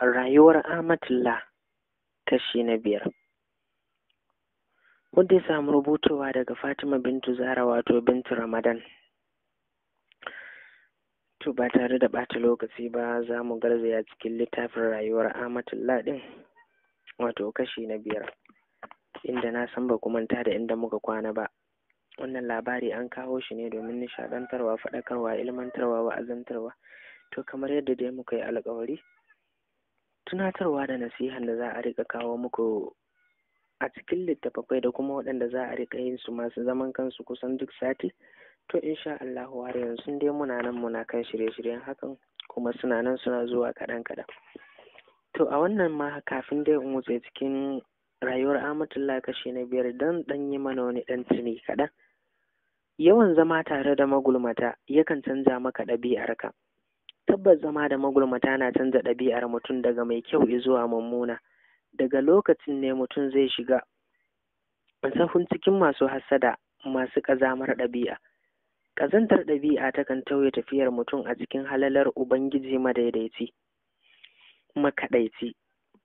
Rayuwar amatullah kashi na biyar. Wanda ya samu rubutowa daga Fatima bintu Zara wato bintu Ramadan. To ba tare da ɓata lokaci ba za mu garzaya cikin littafin rayuwar amatullah ɗin wato kashi na biyar. Inda na san ba manta da inda muka kwana ba. Wannan labari an kawo shi ne domin nishaɗantarwa, faɗakarwa, ilmantarwa, wa'azantarwa. To kamar yadda dai muka yi alƙawari, tunatarwa da nasihan da za a rika kawo muku a cikin littattafai da kuma waɗanda za a rika yin su masu zaman kansu kusan duk sati to insha Allah har yanzu sun dai muna nan muna kan shirye-shiryen hakan kuma suna nan suna zuwa kaɗan kaɗan to a wannan ma kafin dai in wuce cikin rayuwar Amatullah kashi na biyar dan dan yi mana wani dan tuni kaɗan yawan zama tare da magulmata yakan canza maka ɗabi'arka tabbas zama da magulmata na canza ɗabi'ar mutum daga mai kyau zuwa mummuna daga lokacin ne mutum zai shiga sahun cikin masu hasada, masu ƙazamar ɗabi'a ƙazantar ɗabi'a takan tauye tafiyar mutum a cikin halalar ubangiji madaidaici makaɗaici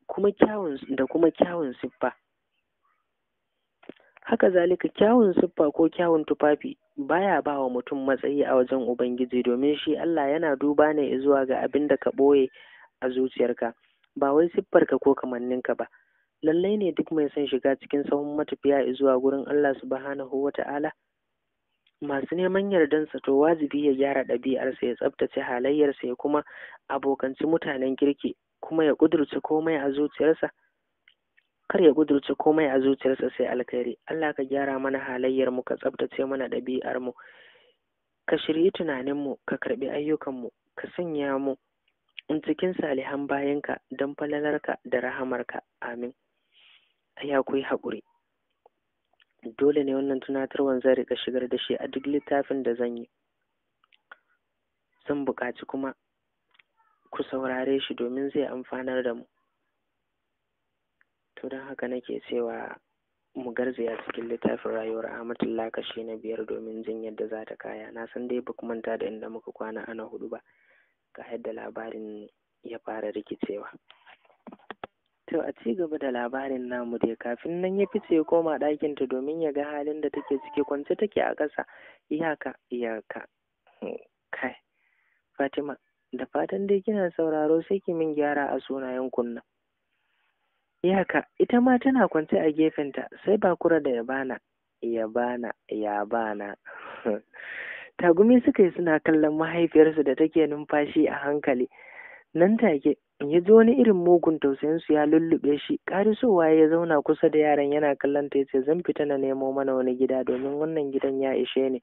kuma kyawun da kuma kyawun siffa haka zalika kyawun siffa ko kyawun tufafi baya ba wa mutum matsayi a wajen ubangiji domin shi Allah yana duba ne zuwa ga abin da ka boye a zuciyarka ba wai siffarka ko kamanninka ba lallai ne duk mai son shiga cikin sahun matafiya zuwa gurin Allah subhanahu wa masu neman yardansa to wajibi ya gyara ɗabi'arsa ya tsabtace halayyarsa ya kuma abokanci mutanen kirki kuma ya ƙudurci komai a zuciyarsa kar ya gudurce komai a zuciyarsa sai alkhairi Allah ka gyara mana halayyar mu ka tsabtace mana ɗabi'ar mu ka shirye tunanin mu ka karbi ayyukan mu ka sanya mu in cikin salihan bayanka don falalarka da rahamarka amin ya kuyi haƙuri dole ne wannan tunatar zan rika shigar da shi a duk littafin da zan yi zan buƙaci kuma ku saurare shi domin zai amfanar da mu to don haka nake cewa mu garzaya cikin littafin rayuwar Ahmadu lakashi na biyar domin jin yadda za ta kaya na san dai baku manta da inda muka kwana ana hudu ba ga yadda labarin ya fara rikicewa to a ci gaba da labarin namu dai kafin nan ya fice ya koma ɗakinta domin ya ga halin da take ciki kwance take a ƙasa iyaka iyaka kai fatima da fatan dai kina sauraro sai ki min gyara a sunayen kunna ya haka ita ma tana kwance a gefenta sai bakura da yabana yabana yabana tagumi suka yi suna kallon mahaifiyarsu da take numfashi a hankali nan take ya ji wani irin mugun tausayinsu ya lullube shi karisowa ya zauna kusa da yaran yana kallon ta yace zan fita na nemo mana wani gida domin wannan gidan ya ishe ne.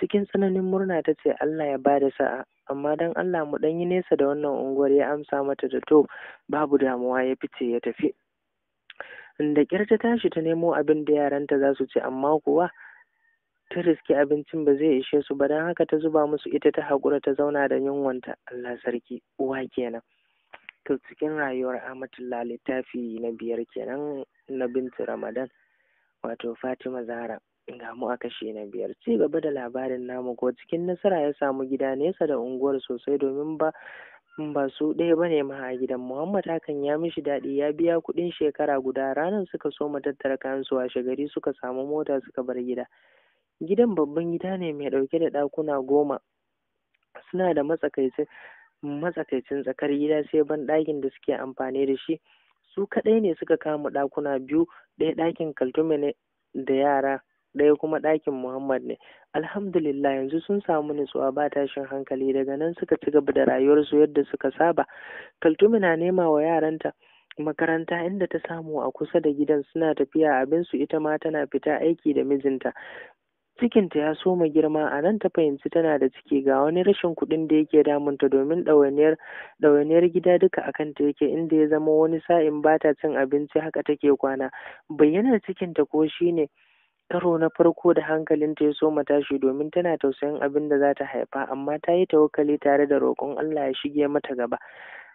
cikin tsananin murna ta ce Allah ya ba da sa'a amma dan Allah mu dan yi nesa da wannan unguwar ya amsa mata da to babu damuwa ya fice ya tafi da ƙyar ta tashi ta nemo abin da yaranta za su ci amma kuwa ta riske abincin ba zai ishe su ba don haka ta zuba musu ita ta haƙura ta zauna da yunwanta Allah sarki uwa kenan to cikin rayuwar ta littafi na biyar kenan na binti Ramadan wato Fatima Zahra ga mu a kashe na biyar ci gaba da labarin namu ko cikin nasara ya samu gida nesa da unguwar sosai domin ba ba su ɗaya bane ma a gidan Muhammad hakan ya mishi daɗi ya biya kuɗin shekara guda ranar suka so mu tattara kayan su washe gari suka samu mota suka bar gida gidan babban gida ne mai ɗauke da ɗakuna goma suna da matsakaicin matsakaicin tsakar gida sai ban ɗakin da suke amfani da shi su kaɗai ne suka kama ɗakuna biyu ɗaya ɗakin kaltume ne da yara ɗaya kuma ɗakin Muhammad ne. Alhamdulillah yanzu sun samu nutsuwa ba tashin hankali daga nan suka ci gaba da rayuwarsu yadda suka saba. Kaltumi na nema wa yaranta makaranta inda ta samu a kusa da gidan suna tafiya abin su ita ma tana fita aiki da mijinta. cikinta ya soma girma a nan ta fahimci tana da ciki ga wani rashin kuɗin da yake damunta domin ɗawainiyar gida duka a kanta yake inda ya zama wani sa'in ba ta cin abinci haka take kwana bayyanar cikinta ko shi ne? Karo na farko da hankalin ta ya soma tashi domin tana tausayin abin da za ta haifa amma ta yi tawakkali tare da roƙon Allah ya shige mata gaba.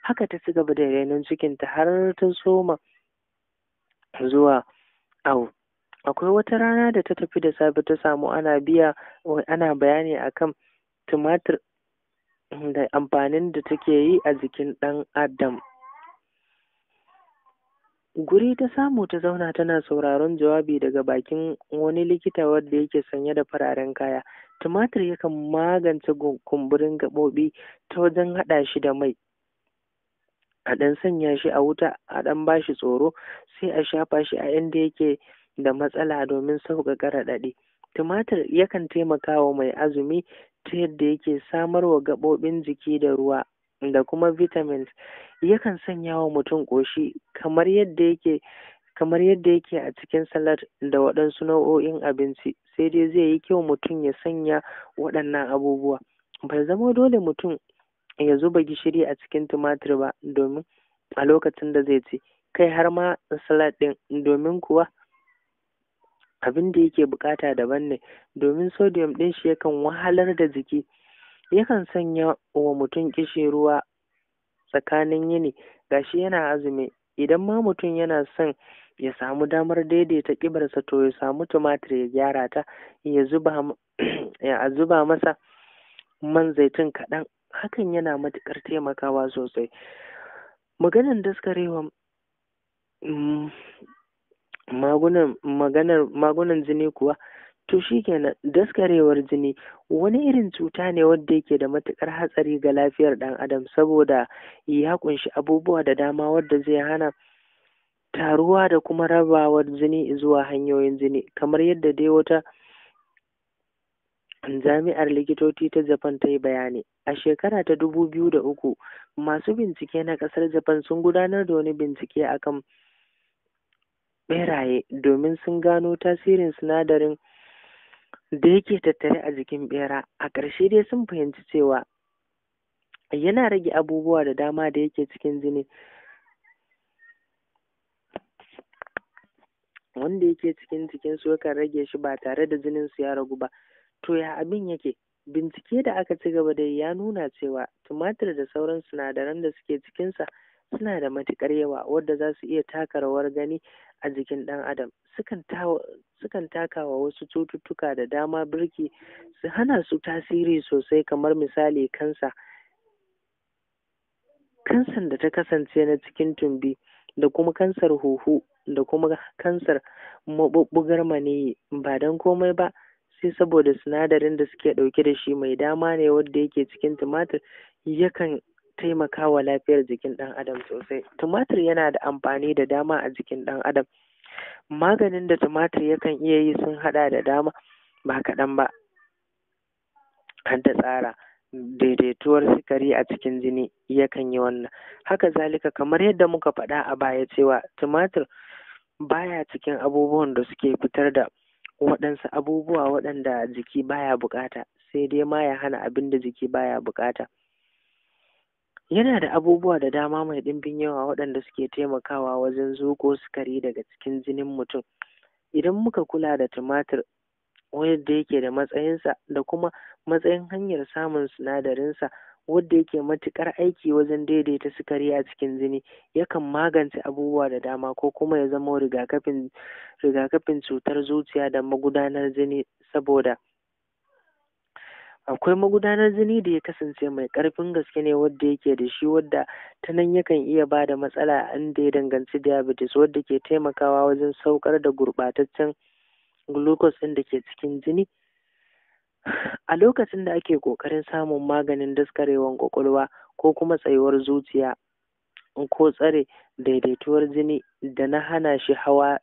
Haka ta ci gaba da renon cikinta har ta soma zuwa awo. Akwai wata rana da ta tafi da safe ta samu ana biya ana bayani akan tumatir da amfanin da take yi a jikin ɗan adam Guri ta samu ta zauna tana sauraron jawabi daga bakin wani likita wanda yake sanye da fararen kaya. Tumatir yakan magance kumburin gaɓoɓi ta wajen haɗa shi da mai. A ɗan sanya shi a wuta, a ɗan ba shi tsoro, sai a shafa shi a inda yake da matsala domin sauƙaƙa raɗaɗi. Tumatir yakan taimakawa mai azumi ta yadda yake samar wa gaɓoɓin jiki da ruwa da kuma vitamins yakan sanya wa mutum ƙoshi kamar yadda yake kamar yadda yake a cikin salad da waɗansu nau'o'in abinci sai dai zai yi kyau mutum ya sanya waɗannan abubuwa bai zama dole mutum ya zuba gishiri a cikin tumatir ba domin a lokacin da zai ci kai har ma salad ɗin domin kuwa abin da yake buƙata daban ne domin sodium ɗin shi yakan wahalar da jiki yakan sanya wa mutum ƙishin ruwa tsakanin yini gashi yana azumi idan ma mutum yana son ya samu damar daidaita ƙibarsa to ya samu tumatir ya gyara ta ya zuba ya zuba masa man zaitun kaɗan hakan yana matuƙar taimakawa sosai Maganin daskarewa mm, magunan maganar magunan jini kuwa to shikenan daskarewar jini wani irin cuta ne wadda yake da matukar hatsari ga lafiyar ɗan adam saboda ya kunshi abubuwa da dama wadda zai hana taruwa da kuma rabawar jini zuwa hanyoyin jini kamar yadda dai wata jami'ar likitoci ta japan ta yi bayani a shekara ta dubu biyu da uku masu bincike na kasar japan sun gudanar da wani bincike akan beraye domin sun gano tasirin sinadarin da yake tattare a jikin bera a ƙarshe dai sun fahimci cewa yana rage abubuwa da dama da yake cikin jini wanda yake cikin jikin su yakan rage shi ba tare da jinin su ya ragu ba to ya abin yake bincike da aka ci gaba da ya nuna cewa tumatir da sauran sinadaran da suke cikinsa suna da matuƙar yawa wadda za su iya taka rawar gani a jikin ɗan adam sukan takawa wasu cututtuka da dama birki su hana su tasiri sosai kamar misali kansa kansan da ta kasance na cikin tumbi da kuma kansar huhu da kuma kansar maɓuɓɓugar maniyyi ba don komai ba sai saboda sinadarin da suke ɗauke da shi mai dama ne wanda yake cikin tumatir yakan taimakawa lafiyar jikin ɗan adam sosai tumatir yana da amfani da dama a jikin ɗan adam maganin da tumatir yakan iya yi sun haɗa da dama ba kaɗan ba an ta tsara daidaituwar sikari a cikin jini yakan yi wannan haka zalika kamar yadda muka faɗa a baya cewa tumatir baya cikin abubuwan da suke fitar da waɗansu abubuwa waɗanda jiki baya buƙata sai dai ma ya hana abin da jiki baya buƙata Yana da abubuwa da dama mai ɗimbin yawa waɗanda suke taimakawa wajen zuƙo sukari daga cikin jinin mutum. Idan muka kula da tumatir yadda yake da matsayinsa da kuma matsayin hanyar samun sinadarinsa wadda yake matuƙar aiki wajen daidaita sukari a cikin jini yakan magance abubuwa da dama ko kuma ya zamo rigakafin cutar zuciya da magudanar jini saboda akwai magudanar jini da ya kasance mai ƙarfin gaske ne wadda yake da shi wadda ta nan yakan iya ba da matsala inda ya danganci diabetes wadda ke taimakawa wajen saukar da gurbataccen glucose ɗin da ke cikin jini a lokacin da ake ƙoƙarin samun maganin daskarewar ƙwaƙwalwa ko kuma tsayuwar zuciya ko tsare daidaituwar jini da na hana shi hawa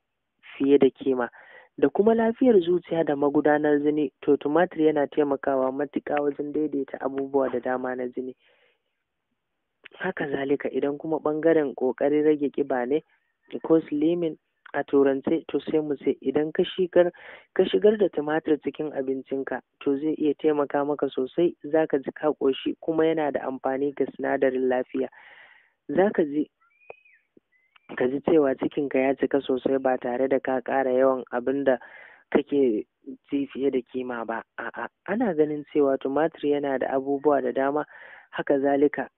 fiye da kima da kuma lafiyar zuciya da magudanar jini to tumatir yana taimakawa matuƙa wajen daidaita abubuwa da dama na jini haka zalika idan kuma ɓangaren ƙoƙarin rage ƙiba ne ko slimming a turance to sai mu ce idan ka shigar da tumatir cikin abincinka to zai iya taimaka maka sosai zaka ji ka ƙoshi kuma yana da amfani ga sinadarin lafiya zaka ji ka ji cewa ka ya cika sosai ba tare da ka ƙara yawan abin da kake ji fiye da kima ba a'a ana ganin cewa tumatir yana da abubuwa da dama haka zalika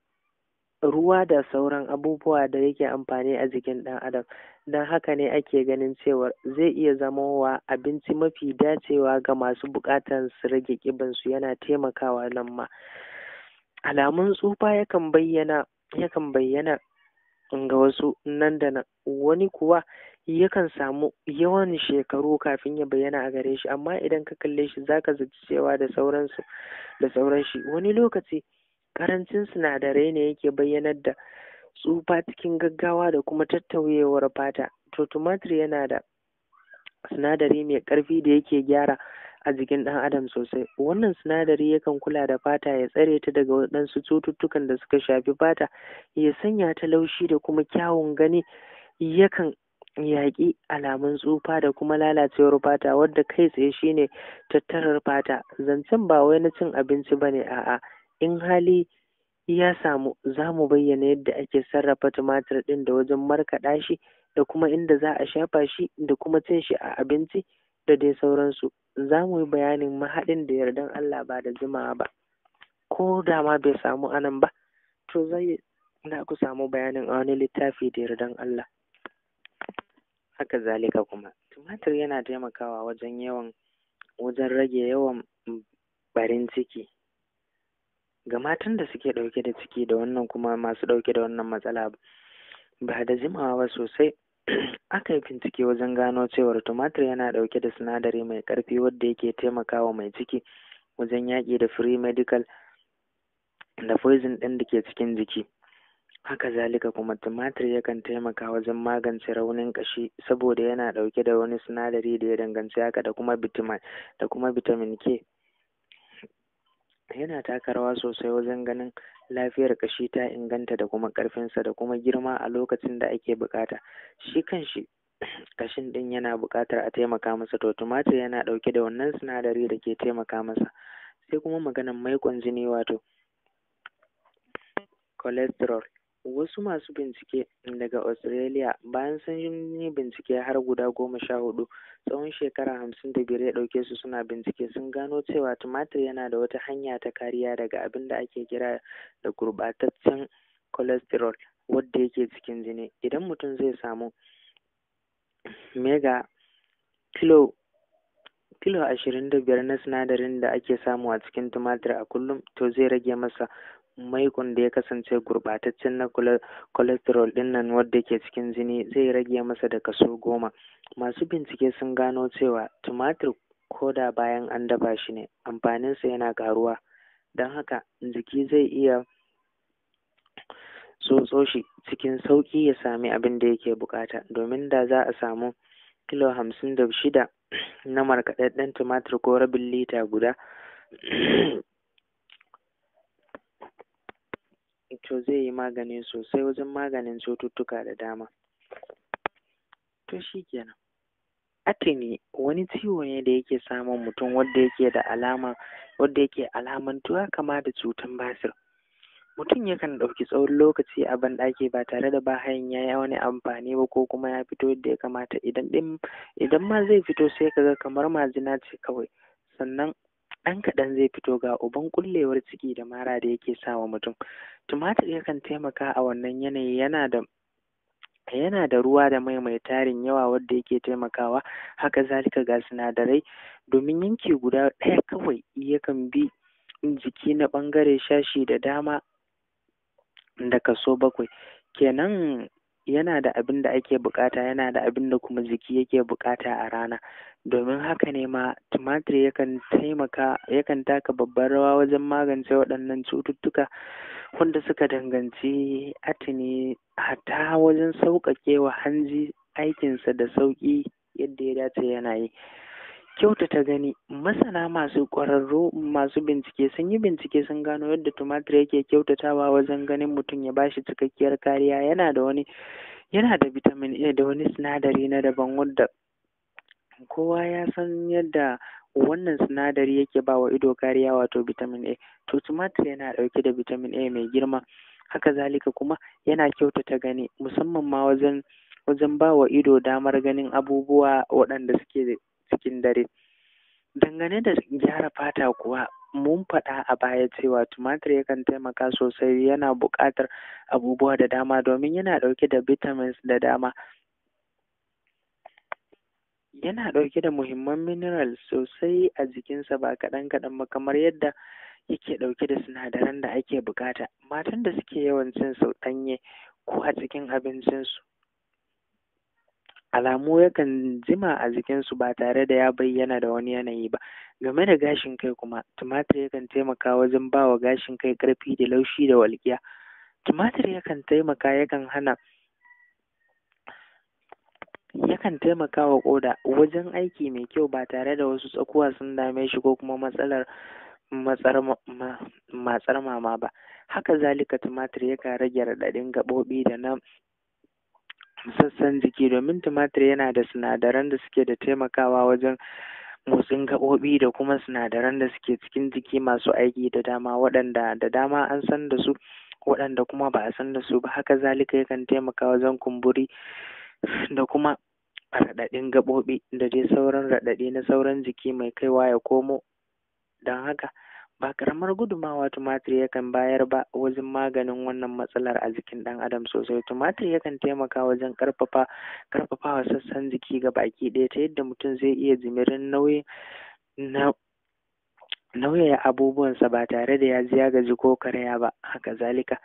ruwa da sauran abubuwa da yake amfani a jikin ɗan adam don haka ne ake ganin cewa zai iya zama wa abinci mafi dacewa ga masu buƙatar su rage su yana taimakawa nan ma alamun tsufa yakan bayyana yakan bayyana ga wasu nan da nan wani kuwa yakan samu yawan shekaru kafin ya bayyana a gare shi amma idan ka kalle shi zaka zaci cewa da sauransu da sauran shi wani lokaci karancin sinadarai ne yake bayyanar da tsufa cikin gaggawa da kuma tattauyewar fata to tumatir yana da sinadari mai ƙarfi da yake gyara a jikin ɗan adam sosai wannan sinadari yakan kula da fata ya tsare ta daga waɗansu cututtukan da suka shafi fata ya sanya ta laushi da kuma kyawun gani yakan yaƙi alamun tsufa da kuma lalacewar fata wadda kai tsaye shine tattarar fata zancen ba wai na cin abinci ba ne a'a in hali ya samu za mu bayyana yadda ake sarrafa tumatir ɗin da wajen markaɗa shi da kuma inda za a shafa shi da kuma cin shi a abinci da dai sauransu za mu yi bayanin mahaɗin da yardan Allah ba da jimawa ba ko da ma bai samu anan ba to zai na ku samu bayanin a wani littafi da yardan Allah haka zalika kuma tumatir yana taimakawa wajen yawan wajen rage yawan barin ciki ga matan da suke ɗauke da ciki da wannan kuma masu ɗauke da wannan matsala ba da jimawa ba sosai aka yi bincike wajen gano cewar tumatir yana ɗauke da sinadari mai ƙarfi wadda yake taimakawa mai ciki wajen yaƙi da free medical da poison ɗin da ke cikin jiki haka zalika kuma tumatir yakan taimaka wajen magance raunin ƙashi saboda yana ɗauke da wani sinadari da ya danganci haka da kuma vitamin da kuma vitamin k yana taka rawa sosai wajen ganin lafiyar ƙashi ta inganta da kuma ƙarfinsa da kuma girma a lokacin da ake buƙata shi kanshi ƙashin ɗin yana buƙatar a taimaka masa to tumatir yana ɗauke da wannan sinadari da ke taimaka masa sai kuma maganar maiƙon jini wato cholesterol wasu masu bincike daga Australia bayan sun yi bincike har guda goma sha hudu tsawon shekara hamsin da biyar ya dauke su suna bincike sun gano cewa tumatir yana da wata hanya ta kariya daga abin da ake kira da gurbataccen cholesterol wadda yake cikin jini idan mutum zai samu mega kilo kilo ashirin na sinadarin da ake samu a cikin tumatir a kullum to zai rage masa maikon da ya kasance gurbataccen na cholesterol din nan wadda ke cikin jini zai rage masa da kaso goma masu bincike sun gano cewa tumatir koda bayan an dafa shi ne amfaninsa yana karuwa don haka jiki zai iya tsotso shi cikin sauki ya sami abin da yake bukata domin da za a samu kilo hamsin da shida na markaɗaɗɗen tumatir ko rabin lita guda to zai yi magani sosai wajen maganin cututtuka da dama to shi kenan atini wani ciwo ne da yake samun mutum wanda yake da alama wanda yake alamantuwa kama da cutan basir mutum yakan ɗauki tsawon lokaci a banɗaki ba tare da bahayan ya yi wani amfani ba ko kuma ya fito yadda ya kamata idan ma zai fito sai kaga kamar majina ce kawai sannan ɗan kaɗan zai fito ga uban ƙullewar ciki da mara da yake sa wa mutum tumatir yakan taimaka a wannan yanayi yana da yana da ruwa da mai mai tarin yawa wadda yake taimakawa haka zalika ga sinadarai domin yanki guda ɗaya kawai yakan bi jiki na ɓangare shashi da dama da kaso bakwai kenan yana da abin da ake buƙata, yana da abin da kuma jiki yake bukata a rana domin haka ne ma tumatir yakan taimaka yakan taka babbar rawa wajen magance waɗannan cututtuka wanda suka danganci atini hatta wajen sauƙaƙe wa hanji aikinsa da sauƙi yadda ya dace yana yi kyautata gani masana masu ƙwararru masu bincike sun yi bincike sun gano yadda tumatir yake kyautatawa wajen ganin mutum ya bashi cikakkiyar kariya yana da wani yana da vitamin A da wani sinadari na daban wanda kowa ya san yadda wannan sinadari yake ba wa ido kariya wato vitamin A to tumatir yana ɗauke da vitamin A mai girma haka zalika kuma yana kyautata gani musamman ma wajen wajen ba wa ido damar ganin abubuwa waɗanda suke cikin dare dangane da gyara fata kuwa mun faɗa a baya cewa tumatir yakan taimaka sosai yana buƙatar abubuwa da dama domin yana ɗauke da vitamins da dama yana ɗauke da muhimman mineral sosai a jikinsa ba kaɗan kaɗan ba kamar yadda yake ɗauke da sinadaran da ake buƙata matan da suke yawan cin sau ɗanye ko a cikin abincinsu alamu yakan jima a jikinsu ba tare da ya bayyana da wani yanayi ba game da gashin kai kuma tumatir yakan taimaka wajen ba wa gashin kai karfi da laushi da walƙiya tumatir yakan taimaka yakan hana yakan taimaka wa ƙoda wajen aiki mai kyau ba tare da wasu tsakuwa sun dame shi ko kuma matsalar matsar mama ba haka zalika tumatir yakan rage raɗaɗin gaɓoɓi da na sassan jiki domin tumatir yana da sinadaran da suke da taimakawa wajen motsin gaɓoɓi da kuma sinadaran da suke cikin jiki masu aiki da dama waɗanda da dama an san da su waɗanda kuma ba a san da su ba haka zalika yakan taimaka wajen kumburi da kuma raɗaɗin gaɓoɓi da dai sauran raɗaɗi na sauran jiki mai kaiwa ya komo don haka ba karamar gudumawa tumatir yakan bayar ba wajen maganin wannan matsalar a jikin dan adam sosai tumatir yakan taimaka wajen karfafa karfafawa sassan jiki ga baki ɗaya ta yadda mutum zai iya jimirin nauyi na nauyaya abubuwansa ba tare da ya ji ya gaji ko karaya ba haka zalika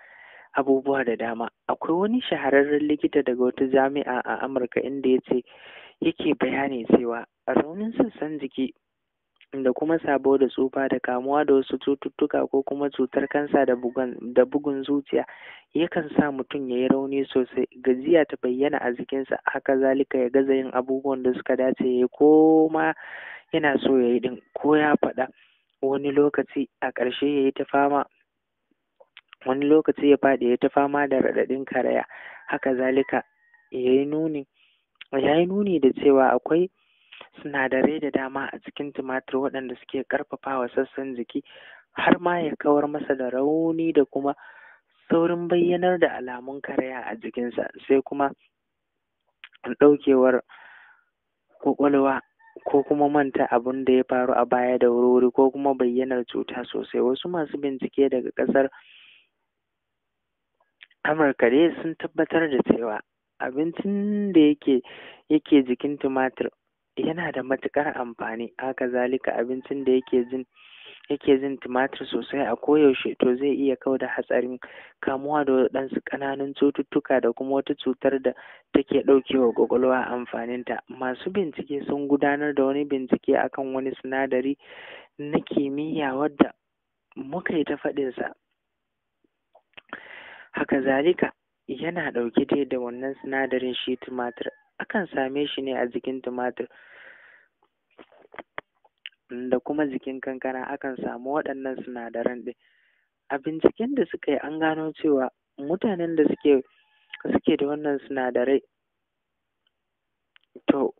abubuwa da dama akwai wani shahararren likita daga wata jami'a a amurka inda ya ce yake bayani cewa raunin sassan jiki da kuma sabo da tsufa da kamuwa da wasu cututtuka ko kuma cutar kansa da bugun zuciya yakan sa mutum ya yi rauni sosai gajiya ta bayyana a jikinsa haka zalika ya gaza yin abubuwan da suka dace ya yi ko ma yana so ya yi din ko ya faɗa wani lokaci a ƙarshe ya yi ta fama wani lokaci ya faɗi ya ta fama da raɗaɗin karaya haka zalika nuni ya yi nuni da cewa akwai sinadarai da dama a cikin tumatir waɗanda suke ƙarfafawa sassan jiki har ma ya kawar masa da rauni da kuma saurin bayyanar da alamun karaya a jikinsa sai kuma ɗaukewar kwakwalwa ko kuma manta abin da ya faru a baya da wuri ko kuma bayyanar cuta sosai wasu masu bincike daga ƙasar amurka dai sun tabbatar da cewa abincin da yake yake jikin tumatir yana da matuƙar amfani haka zalika abincin da yake jin yake jin tumatir sosai a koyaushe to zai iya kau da hatsarin kamuwa da waɗansu ƙananun cututtuka da kuma wata cutar da take ɗaukewa ƙwaƙwalwa amfaninta masu bincike sun gudanar da wani bincike akan wani sinadari na kimiyya wadda muka yi ta faɗinsa haka zalika yana ɗauke dai da wannan sinadarin shi tumatir akan same shi ne a jikin tumatir da kuma jikin kankana akan samu waɗannan sinadaran ɗin a binciken da suka yi an gano cewa mutanen da suke suke da wannan sinadarai to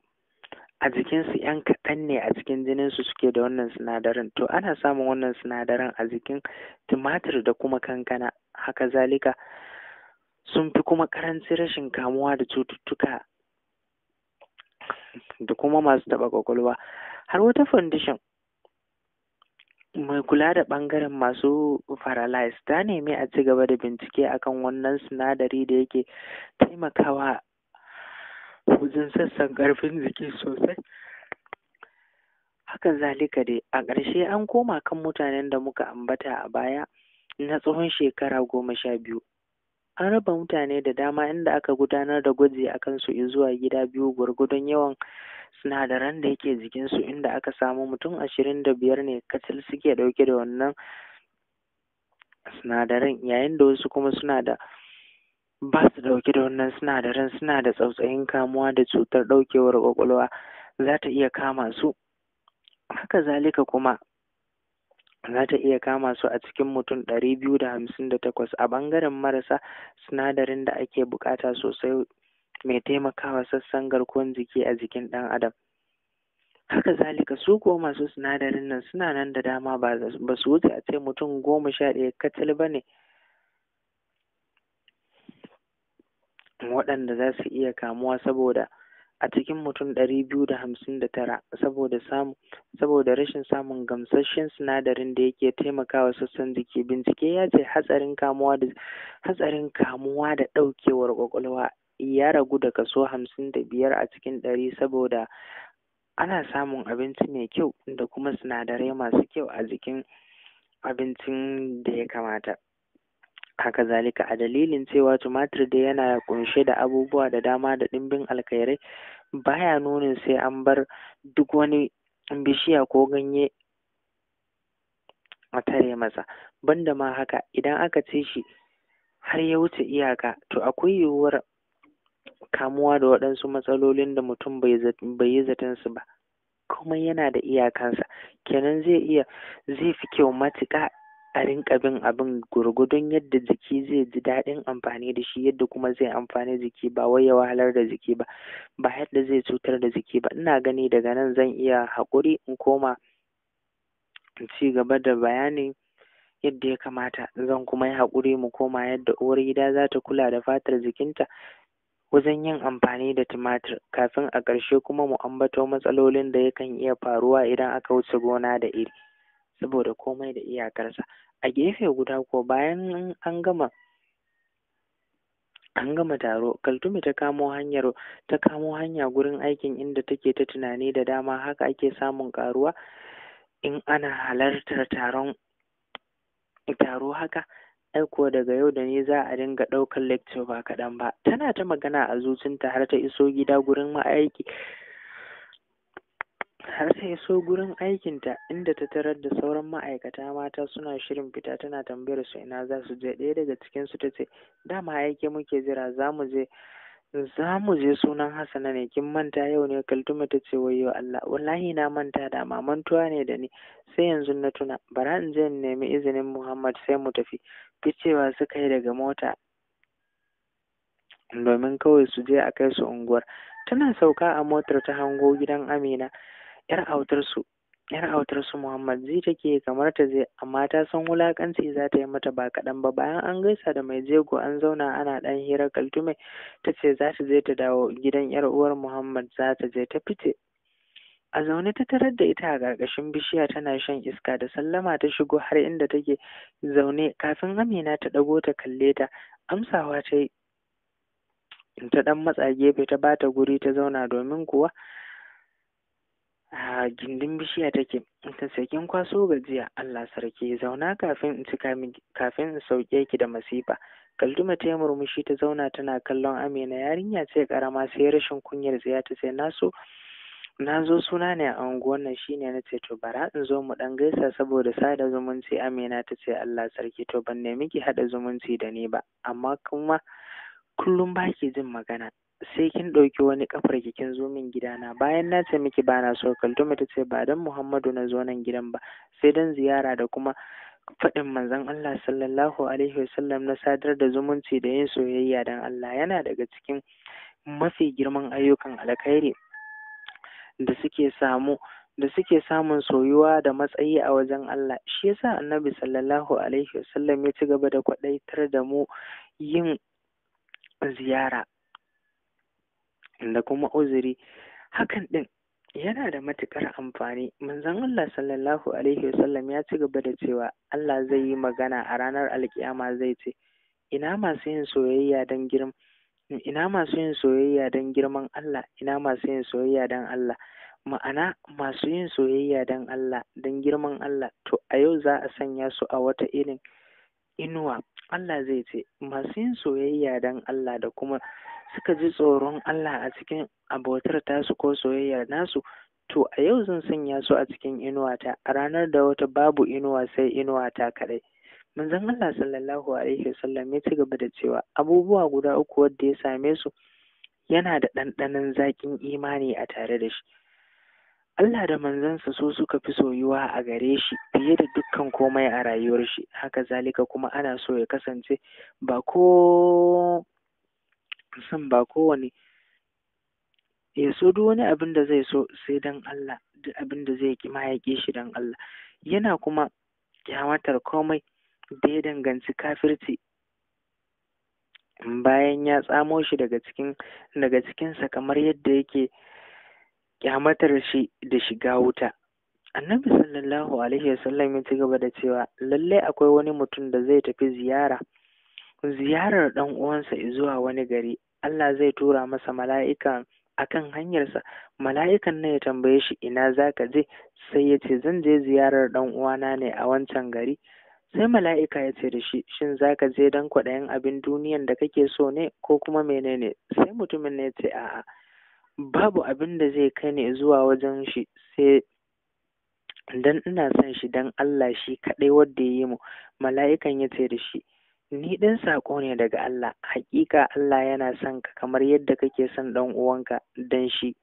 a jikinsu ‘yan kaɗan ne a cikin jininsu suke da wannan sinadaran to ana samun wannan sinadaran a jikin tumatir da kuma kankana haka zalika sun fi kuma ƙaranci rashin kamuwa da cututtuka da kuma masu taɓa kwakwalwa har wata foundation mai kula da ɓangaren masu paralyzed ta nemi a ci gaba da bincike akan wannan sinadari da yake taimakawa wajen sassan ƙarfin jiki sosai hakan zalika dai a ƙarshe an koma kan mutanen da muka ambata a baya na tsawon shekara goma sha biyu An raba mutane da dama inda aka gudanar da gwaji a kansu zuwa gida biyu gwargwadon yawan sinadaran da yake jikinsu inda aka samu mutum ashirin da biyar ne kacal suke ɗauke da wannan sinadaran yayin da wasu kuma suna da ba su ɗauke da wannan sinadaran suna da tsautsayin kamuwa da cutar ɗaukewar ƙwaƙwalwa za ta iya kama su haka zalika kuma za ta iya kama su a cikin mutum ɗari biyu da hamsin da takwas a ɓangaren marasa sinadarin da ake buƙata sosai mai taimakawa sassan garkuwar jiki a jikin ɗan adam haka zalika su ko masu sinadarin nan suna nan da dama ba su wuce a ce mutum goma sha ɗaya kacal ba ne waɗanda za su iya kamuwa saboda a cikin mutum ɗari biyu da hamsin da tara saboda samun saboda rashin samun gamsasshen sinadarin da yake taimakawa sassan jiki bincike ya ce hatsarin kamuwa da hatsarin kamuwa da ɗaukewar ƙwaƙwalwa ya ragu da kaso hamsin da biyar a cikin ɗari saboda ana samun abinci mai kyau da kuma sinadarai masu kyau a jikin abincin da ya kamata haka zalika a dalilin cewa tumatir dai yana kunshe da abubuwa da dama da ɗimbin alkhairai baya nunin sai an bar duk wani bishiya ko ganye a tare masa banda ma haka idan aka ce shi har ya wuce iyaka to akwai yiwuwar kamuwa da waɗansu matsalolin da mutum bai yi zaton su ba kuma yana da iyakansa kenan zai iya zai fi kyau matuƙa a rinka bin abin gwargwadon yadda jiki zai ji daɗin amfani da shi yadda kuma zai amfani jiki ba wai ya wahalar da jiki ba ba yadda zai cutar da jiki ba ina gani daga nan zan iya haƙuri in koma in ci gaba da bayanin yadda ya kamata zan kuma yi haƙuri mu koma yadda uwar gida za ta kula da fatar jikinta wajen yin amfani da tumatir kafin a ƙarshe kuma mu ambato matsalolin da yakan iya faruwa idan aka wuce gona da iri saboda komai da iyakarsa a gefe guda ko bayan an gama an gama taro kaltumi ta kamo hanyar ta kamo hanya gurin aikin inda take ta tunani da dama haka ake samun karuwa in ana halartar taron taro haka aiko daga yau da ne za a dinga ɗaukar lecture ba kaɗan ba tana ta magana a zucinta har ta iso gida gurin ma'aiki har ta iso gurin aikinta inda ta tarar da sauran ma'aikata mata suna shirin fita tana tambayar su ina za su je ɗaya daga cikin su ce, dama aiki muke jira za mu je za mu je sunan Hassana ne kin manta yau ne Kaltuma ta ce wayo Allah wallahi na manta da mamantuwa ne da ni sai yanzu na tuna bara in je in nemi izinin Muhammad sai mu tafi ficewa suka yi daga mota domin kawai su je a kai su unguwar tana sauka a motar ta hango gidan Amina 'yar autarsu yar su Muhammad zai take kamar ta je amma ta san wulakanci za ta yi mata ba kaɗan ba bayan an gaisa da mai jego an zauna ana ɗan hirar kaltume ta ce za ta je ta dawo gidan yar uwar Muhammad za ta je ta fice a zaune ta tarar da ita a ƙarƙashin bishiya tana shan iska da sallama ta shigo har inda take zaune kafin Amina ta ɗago ta kalle ta amsawa ta yi ta ɗan matsa gefe ta bata guri ta zauna domin kuwa a gindin bishiya take ta kin kwaso gajiya Allah sarki zauna kafin in cika kafin in sauke ki da masifa Kalduma ta murmushi ta zauna tana kallon Amina yarinya ce karama sai rashin kunyar tsiya ta ce na zo suna ne a unguwan nan shine na ce to bara in zo mu dan gaisa saboda sada zumunci Amina ta ce Allah sarki to ban nemi ki hada zumunci da ni ba amma kuma kullum baki jin magana sai kin ɗauki wani ƙafar ki kin zo min gidana bayan na ce miki bana so kaltuma ta ce ba dan Muhammadu na zo nan gidan ba sai dan ziyara da kuma faɗin manzon Allah sallallahu alaihi wasallam na sadar da zumunci da yin soyayya dan Allah yana daga cikin mafi girman ayyukan alkhairi da suke samu da suke samun soyuwa da matsayi a wajen Allah shi yasa annabi sallallahu alaihi wasallam ya ci gaba da kwadaitar da mu yin ziyara da kuma uzuri hakan ɗin yana da matukar amfani manzon Allah sallallahu alaihi wasallam ya ci gaba da cewa Allah zai yi magana a ranar alkiyama zai ce ina masu yin soyayya dan girm ina masu yin soyayya don girman Allah ina masu yin soyayya don Allah ma'ana masu yin soyayya dan Allah don girman Allah to a yau za a sanya su a wata irin inuwa Allah zai ce masu yin soyayya dan Allah da kuma suka ji tsoron Allah a cikin abotar tasu ko soyayyar nasu to a yau zan sanya su a cikin inuwata a ranar da wata babu inuwa sai inuwata kaɗai manzon Allah sallallahu alaihi wasallam ya ci gaba da cewa abubuwa guda uku wadda ya same su yana da ɗanɗanon zaƙin imani a tare da shi Allah da manzansa su suka fi soyuwa a gare shi fiye da dukkan komai a rayuwar shi haka zalika kuma ana so ya kasance ba ko kusan ba kowane ya so duk wani abin da zai so sai don Allah duk abin da zai kima ya shi don Allah yana kuma kyamatar komai da ya danganci kafirci bayan ya tsamo shi daga cikin daga cikinsa kamar yadda yake kyamatar shi da shiga wuta annabi sallallahu alaihi wasallam ya ci gaba da cewa lallai akwai wani mutum da zai tafi ziyara ziyarar ɗan uwansa zuwa wani gari Allah zai tura masa mala'ika kan hanyarsa mala'ikan nan ya tambaye shi ina za ka je sai ya ce zan je ziyarar ɗan uwana ne a wancan gari sai mala'ika ya ce da shi shin za ka je don kwaɗayin abin duniyan da kake so ne ko kuma menene sai mutumin ne ya ce a'a babu abin da zai kai ne zuwa wajen shi sai dan ina son shi dan Allah shi kaɗai wanda ya yi mu mala'ikan ya ce da shi ni ɗin saƙo ne daga Allah haƙiƙa Allah yana son ka kamar yadda kake son ɗan uwanka dan shi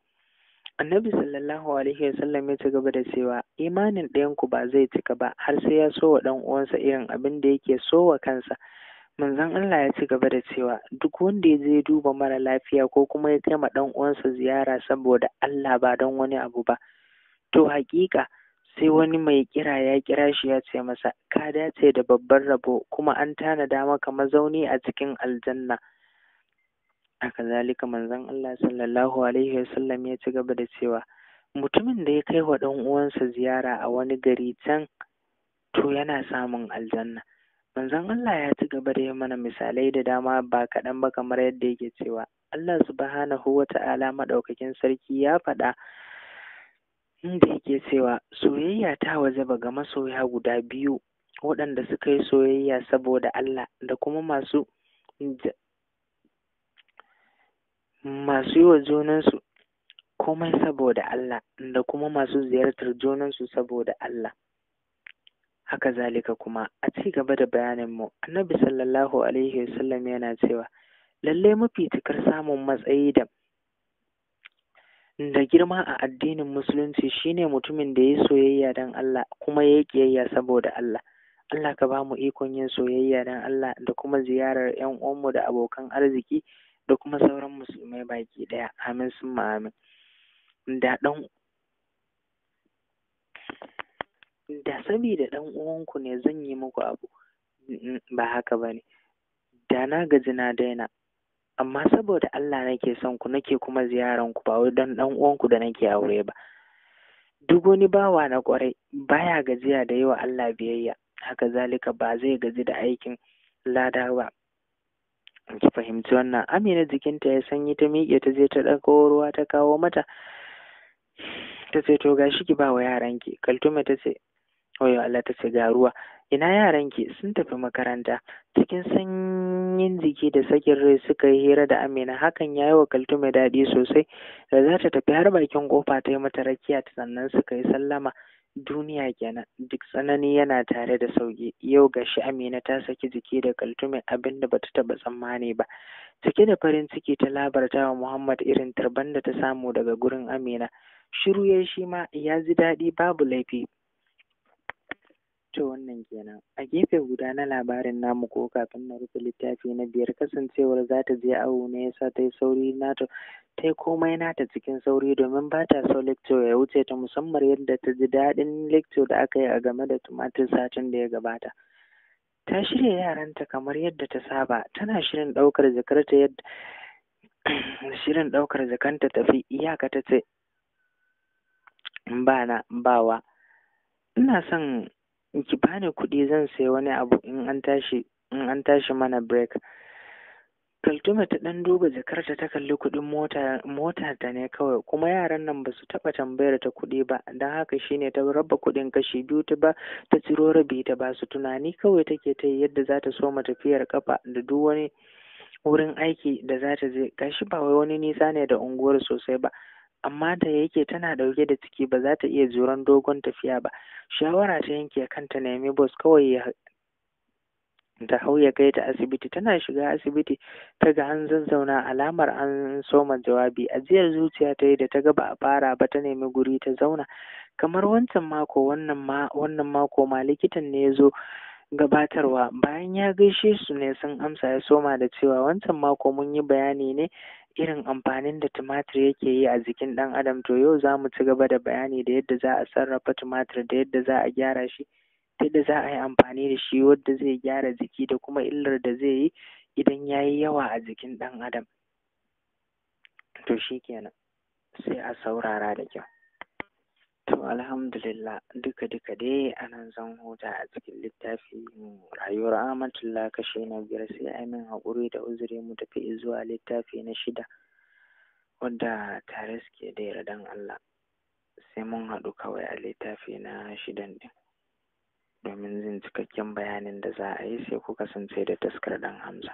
annabi sallallahu alaihi wasallam ya ci gaba da cewa imanin ɗayanku ba zai cika ba har sai ya so wa ɗan uwansa irin abin da yake so wa kansa manzon Allah ya ci gaba da cewa duk wanda ya je duba mara lafiya ko kuma ya kai ma ɗan uwansa ziyara saboda Allah ba don wani abu ba to haƙiƙa sai wani mai kira ya kira shi ya ce masa ka dace da babban rabo kuma an tanada maka mazauni a cikin aljanna haka zalika manzon Allah sallallahu alaihi wasallam ya ci gaba da cewa mutumin da ya kai wa ɗan uwansa ziyara a wani gari can to yana samun aljanna manzon Allah ya ci gaba da yi mana misalai da dama ba kaɗan ba kamar yadda yake cewa Allah subhanahu wa ta'ala maɗaukakin sarki ya faɗa inda yake cewa soyayya ta wajaba ga masoya guda biyu waɗanda suka yi soyayya saboda Allah da kuma masu masu yi wa junansu komai saboda Allah da kuma masu ziyartar junansu saboda Allah haka zalika kuma a ci gaba da bayaninmu annabi sallallahu alaihi wasallam yana cewa lallai mafi cikar samun matsayi da Mm. da girma a addinin musulunci shine mutumin da ya yi soyayya don Allah kuma ya kiyayya saboda Allah Allah ka ba mu ikon yin soyayya don Allah da kuma ziyarar 'yan uwanmu da abokan arziki da kuma sauran musulmai baki ɗaya amin sun amin da ɗan da sabida ɗan uwanku ne zan yi muku abu mm, ba haka ba ne da na gaji na daina amma saboda Allah nake son ku nake kuma ziyaran ku ba wai dan dan uwanku da nake aure ba duk wani bawa na kwarai baya gajiya da yawa Allah biyayya haka zalika ba zai gaji da aikin lada ba ki fahimci wannan amina jikinta ya sanyi ta miƙe ta je ta ɗauko ruwa ta kawo mata ta ce to gashi ki ba wa yaranki kaltume ta ce wayo Allah ta ce ga ruwa ina yaran ki? sun tafi makaranta cikin sanyin jiki da sakin rai suka yi hira da amina hakan ya yi wa kaltu mai daɗi sosai da za ta tafi har bakin kofa ta yi mata rakiya ta sannan suka yi sallama duniya kenan duk tsanani yana tare da sauki yau ga shi amina ta saki jiki da kaltume abin da bata taba tsammani ba cike da farin ciki ta labarta wa muhammad irin tarban da ta samu daga gurin amina shiru ya shi ma ya ji daɗi babu laifi To wannan kenan. A gefe guda na labarin namu ko kafin na rufe littafi na biyar kasancewar za ta je awo ne yasa ta yi sauri nata ta yi komai nata cikin sauri domin ba ta so lecture ya wuce ta musamman yadda ta ji daɗin lecture da aka yi a game da tumatir satin da ya gabata. Ta shirya yaranta kamar yadda ta saba, tana shirin ɗaukar jakarta yadda shirin ɗaukar ta tafi iyaka ta ce ba na bawa ina son ki bani kuɗi zan sayi wani abu in an tashi in an tashi mana break kaltuma ta ɗan duba jakarta ta kalli kuɗin mota mota ta ne kawai kuma yaran nan ba su taɓa tambayar ta kuɗi ba don haka shine ta raba kuɗin kashi biyu ta ba ta ciro rabi ta ba su tunani kawai take ta yi yadda za ta soma tafiyar kafa da duk wani wurin aiki da za ta je gashi ba wai wani nisa ne da unguwar sosai ba amma da yake tana ɗauke da ciki ba za ta iya juran dogon tafiya ba shawara ta yanke kanta, ta nemi bus kawai ya ta hau ya kai ta asibiti tana shiga asibiti ta ga an zazzauna alamar an soma jawabi ajiyar zuciya ta yi da ta ga ba a fara ba ta nemi guri ta zauna kamar wancan mako wannan ma wannan mako ma likitan ne ya zo gabatarwa bayan ya gaishe su ne sun amsa ya soma da cewa wancan mako mun yi bayani ne irin amfanin da tumatir yake yi a jikin ɗan adam to yau za mu ci gaba da bayani da yadda za a sarrafa tumatir da yadda za a gyara shi da yadda za a yi amfani da shi wadda zai gyara jiki da kuma illar da zai yi idan ya yi yawa a jikin ɗan adam to shi kenan sai a saurara da kyau To alhamdulillah duka duka dai anan zan huta a cikin littafin rayuwar Amatullah kashe na biyar sai amin haƙuri da uzuri mu tafi zuwa littafi na shida wadda tare suke da yardan Allah sai mun haɗu kawai a littafi na shidan ɗin domin zin cikakken bayanin da za a yi sai ku kasance da taskar dan Hamza.